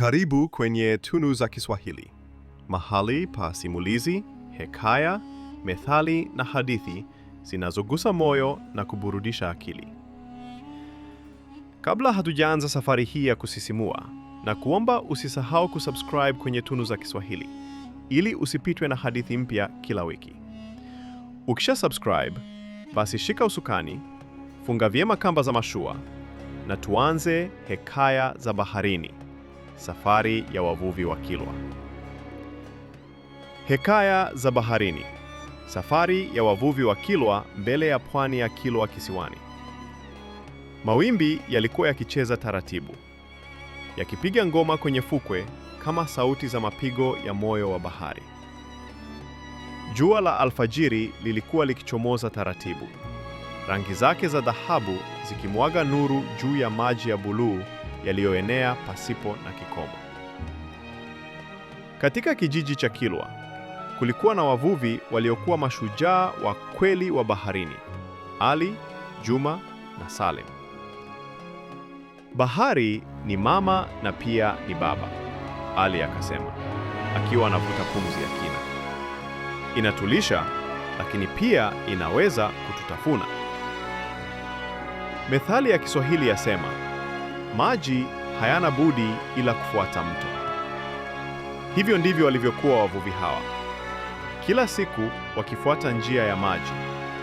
Karibu kwenye Tunu za Kiswahili, mahali pa simulizi, hekaya, methali na hadithi zinazogusa moyo na kuburudisha akili. Kabla hatujaanza safari hii ya kusisimua, na kuomba usisahau kusubscribe kwenye Tunu za Kiswahili ili usipitwe na hadithi mpya kila wiki. Ukisha subscribe, basi shika usukani, funga vyema kamba za mashua na tuanze Hekaya za Baharini. Safari ya wavuvi wa Kilwa. Hekaya za baharini. Safari ya wavuvi wa Kilwa mbele ya pwani ya Kilwa kisiwani. Mawimbi yalikuwa yakicheza taratibu, yakipiga ngoma kwenye fukwe kama sauti za mapigo ya moyo wa bahari. Jua la alfajiri lilikuwa likichomoza taratibu, rangi zake za dhahabu zikimwaga nuru juu ya maji ya buluu yaliyoenea pasipo na kikomo. Katika kijiji cha Kilwa kulikuwa na wavuvi waliokuwa mashujaa wa kweli wa baharini, Ali, Juma na Salim. Bahari ni mama na pia ni baba, Ali akasema akiwa anavuta pumzi ya kina. Inatulisha lakini pia inaweza kututafuna. Methali ya Kiswahili yasema Maji hayana budi ila kufuata mto. Hivyo ndivyo walivyokuwa wavuvi hawa, kila siku wakifuata njia ya maji,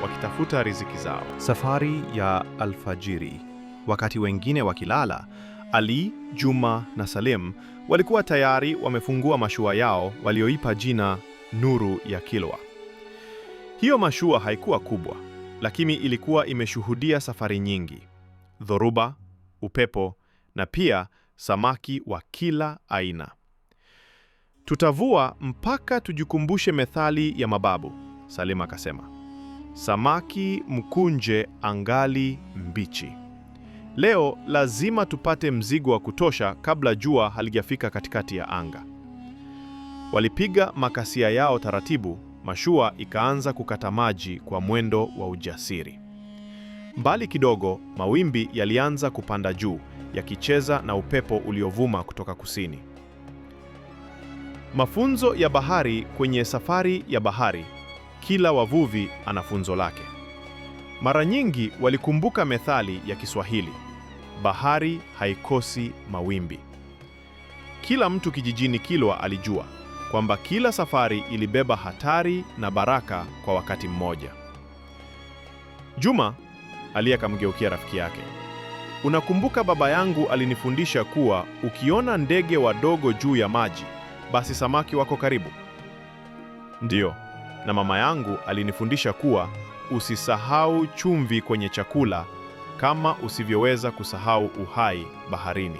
wakitafuta riziki zao. Safari ya alfajiri. Wakati wengine wakilala, Ali, Juma na Salim walikuwa tayari wamefungua mashua yao walioipa jina Nuru ya Kilwa. Hiyo mashua haikuwa kubwa, lakini ilikuwa imeshuhudia safari nyingi: dhoruba upepo na pia samaki wa kila aina. Tutavua mpaka tujikumbushe methali ya mababu. salima akasema, samaki mkunje angali mbichi. Leo lazima tupate mzigo wa kutosha kabla jua halijafika katikati ya anga. Walipiga makasia yao taratibu, mashua ikaanza kukata maji kwa mwendo wa ujasiri. Mbali kidogo, mawimbi yalianza kupanda juu, yakicheza na upepo uliovuma kutoka kusini. Mafunzo ya bahari kwenye safari ya bahari. Kila wavuvi ana funzo lake. Mara nyingi walikumbuka methali ya Kiswahili, bahari haikosi mawimbi. Kila mtu kijijini Kilwa alijua kwamba kila safari ilibeba hatari na baraka kwa wakati mmoja. Juma ali akamgeukia rafiki yake. Unakumbuka baba yangu alinifundisha kuwa ukiona ndege wadogo juu ya maji, basi samaki wako karibu. Ndiyo, na mama yangu alinifundisha kuwa usisahau chumvi kwenye chakula kama usivyoweza kusahau uhai baharini.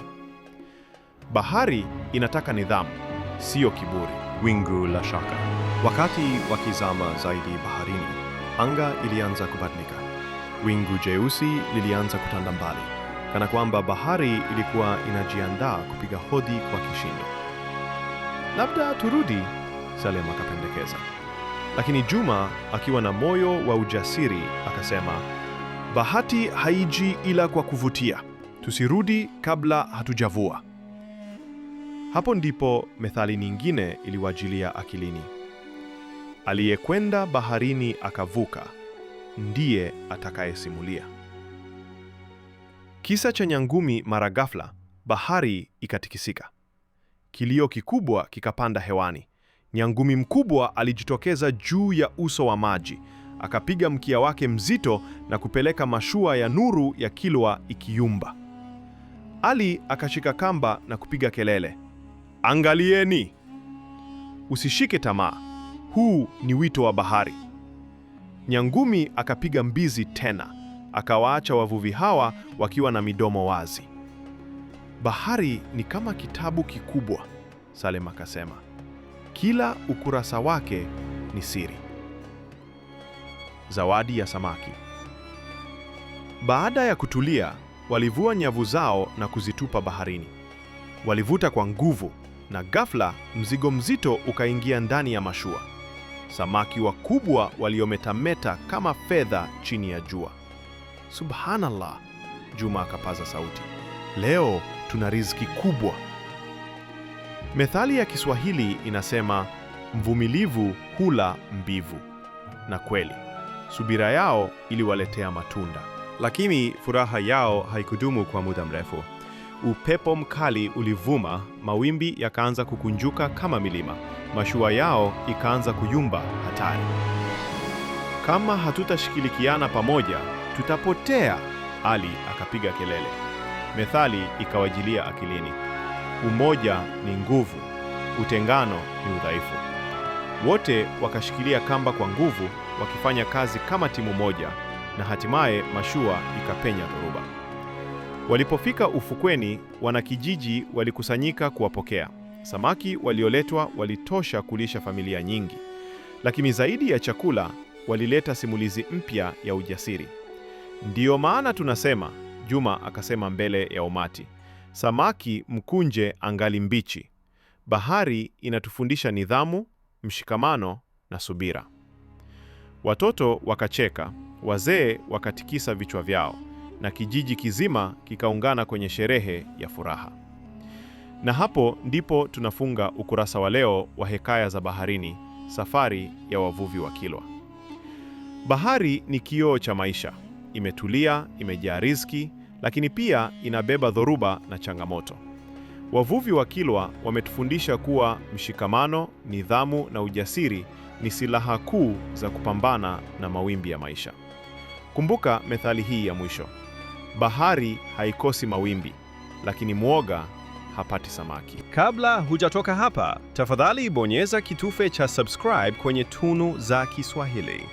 Bahari inataka nidhamu, siyo kiburi. Wingu la shaka. Wakati wakizama zaidi baharini, anga ilianza kubadilika. Wingu jeusi lilianza kutanda mbali, kana kwamba bahari ilikuwa inajiandaa kupiga hodi kwa kishindo. Labda turudi, Salem akapendekeza, lakini Juma akiwa na moyo wa ujasiri akasema, bahati haiji ila kwa kuvutia, tusirudi kabla hatujavua. Hapo ndipo methali nyingine iliwajilia akilini, aliyekwenda baharini akavuka ndiye atakayesimulia. Kisa cha nyangumi mara ghafla, bahari ikatikisika. Kilio kikubwa kikapanda hewani. Nyangumi mkubwa alijitokeza juu ya uso wa maji, akapiga mkia wake mzito na kupeleka mashua ya nuru ya Kilwa ikiyumba. Ali akashika kamba na kupiga kelele, angalieni! Usishike tamaa, huu ni wito wa bahari. Nyangumi akapiga mbizi tena, akawaacha wavuvi hawa wakiwa na midomo wazi. Bahari ni kama kitabu kikubwa, Salem akasema. Kila ukurasa wake ni siri. Zawadi ya samaki. Baada ya kutulia, walivua nyavu zao na kuzitupa baharini. Walivuta kwa nguvu na ghafla mzigo mzito ukaingia ndani ya mashua samaki wakubwa waliometameta kama fedha chini ya jua. Subhanallah, Juma akapaza sauti, leo tuna riziki kubwa. Methali ya Kiswahili inasema mvumilivu hula mbivu, na kweli subira yao iliwaletea matunda, lakini furaha yao haikudumu kwa muda mrefu. Upepo mkali ulivuma, mawimbi yakaanza kukunjuka kama milima, mashua yao ikaanza kuyumba. Hatari! Kama hatutashikilikiana pamoja, tutapotea! Ali akapiga kelele. Methali ikawajilia akilini: umoja ni nguvu, utengano ni udhaifu. Wote wakashikilia kamba kwa nguvu, wakifanya kazi kama timu moja, na hatimaye mashua ikapenya dhoruba. Walipofika ufukweni, wanakijiji walikusanyika kuwapokea. Samaki walioletwa walitosha kulisha familia nyingi, lakini zaidi ya chakula, walileta simulizi mpya ya ujasiri. Ndiyo maana tunasema, Juma akasema mbele ya umati, samaki mkunje angali mbichi. Bahari inatufundisha nidhamu, mshikamano na subira. Watoto wakacheka, wazee wakatikisa vichwa vyao na kijiji kizima kikaungana kwenye sherehe ya furaha. Na hapo ndipo tunafunga ukurasa wa leo wa Hekaya za Baharini, safari ya wavuvi wa Kilwa. Bahari ni kioo cha maisha, imetulia, imejaa riziki, lakini pia inabeba dhoruba na changamoto. Wavuvi wa Kilwa wametufundisha kuwa mshikamano, nidhamu na ujasiri ni silaha kuu za kupambana na mawimbi ya maisha. Kumbuka methali hii ya mwisho. Bahari haikosi mawimbi, lakini mwoga hapati samaki. Kabla hujatoka hapa, tafadhali bonyeza kitufe cha subscribe kwenye Tunu za Kiswahili.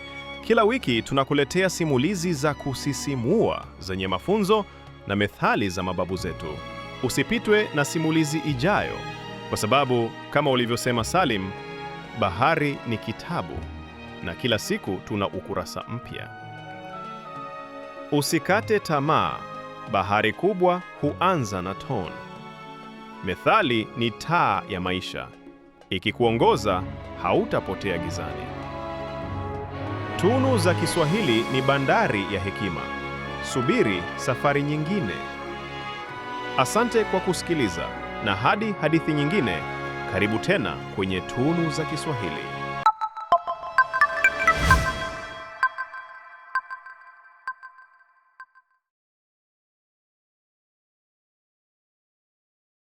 Kila wiki tunakuletea simulizi za kusisimua zenye mafunzo na methali za mababu zetu. Usipitwe na simulizi ijayo, kwa sababu kama ulivyosema Salim, bahari ni kitabu na kila siku tuna ukurasa mpya. Usikate tamaa, bahari kubwa huanza na ton Methali ni taa ya maisha, ikikuongoza hautapotea gizani. Tunu za Kiswahili ni bandari ya hekima. Subiri safari nyingine. Asante kwa kusikiliza, na hadi hadithi nyingine, karibu tena kwenye Tunu za Kiswahili.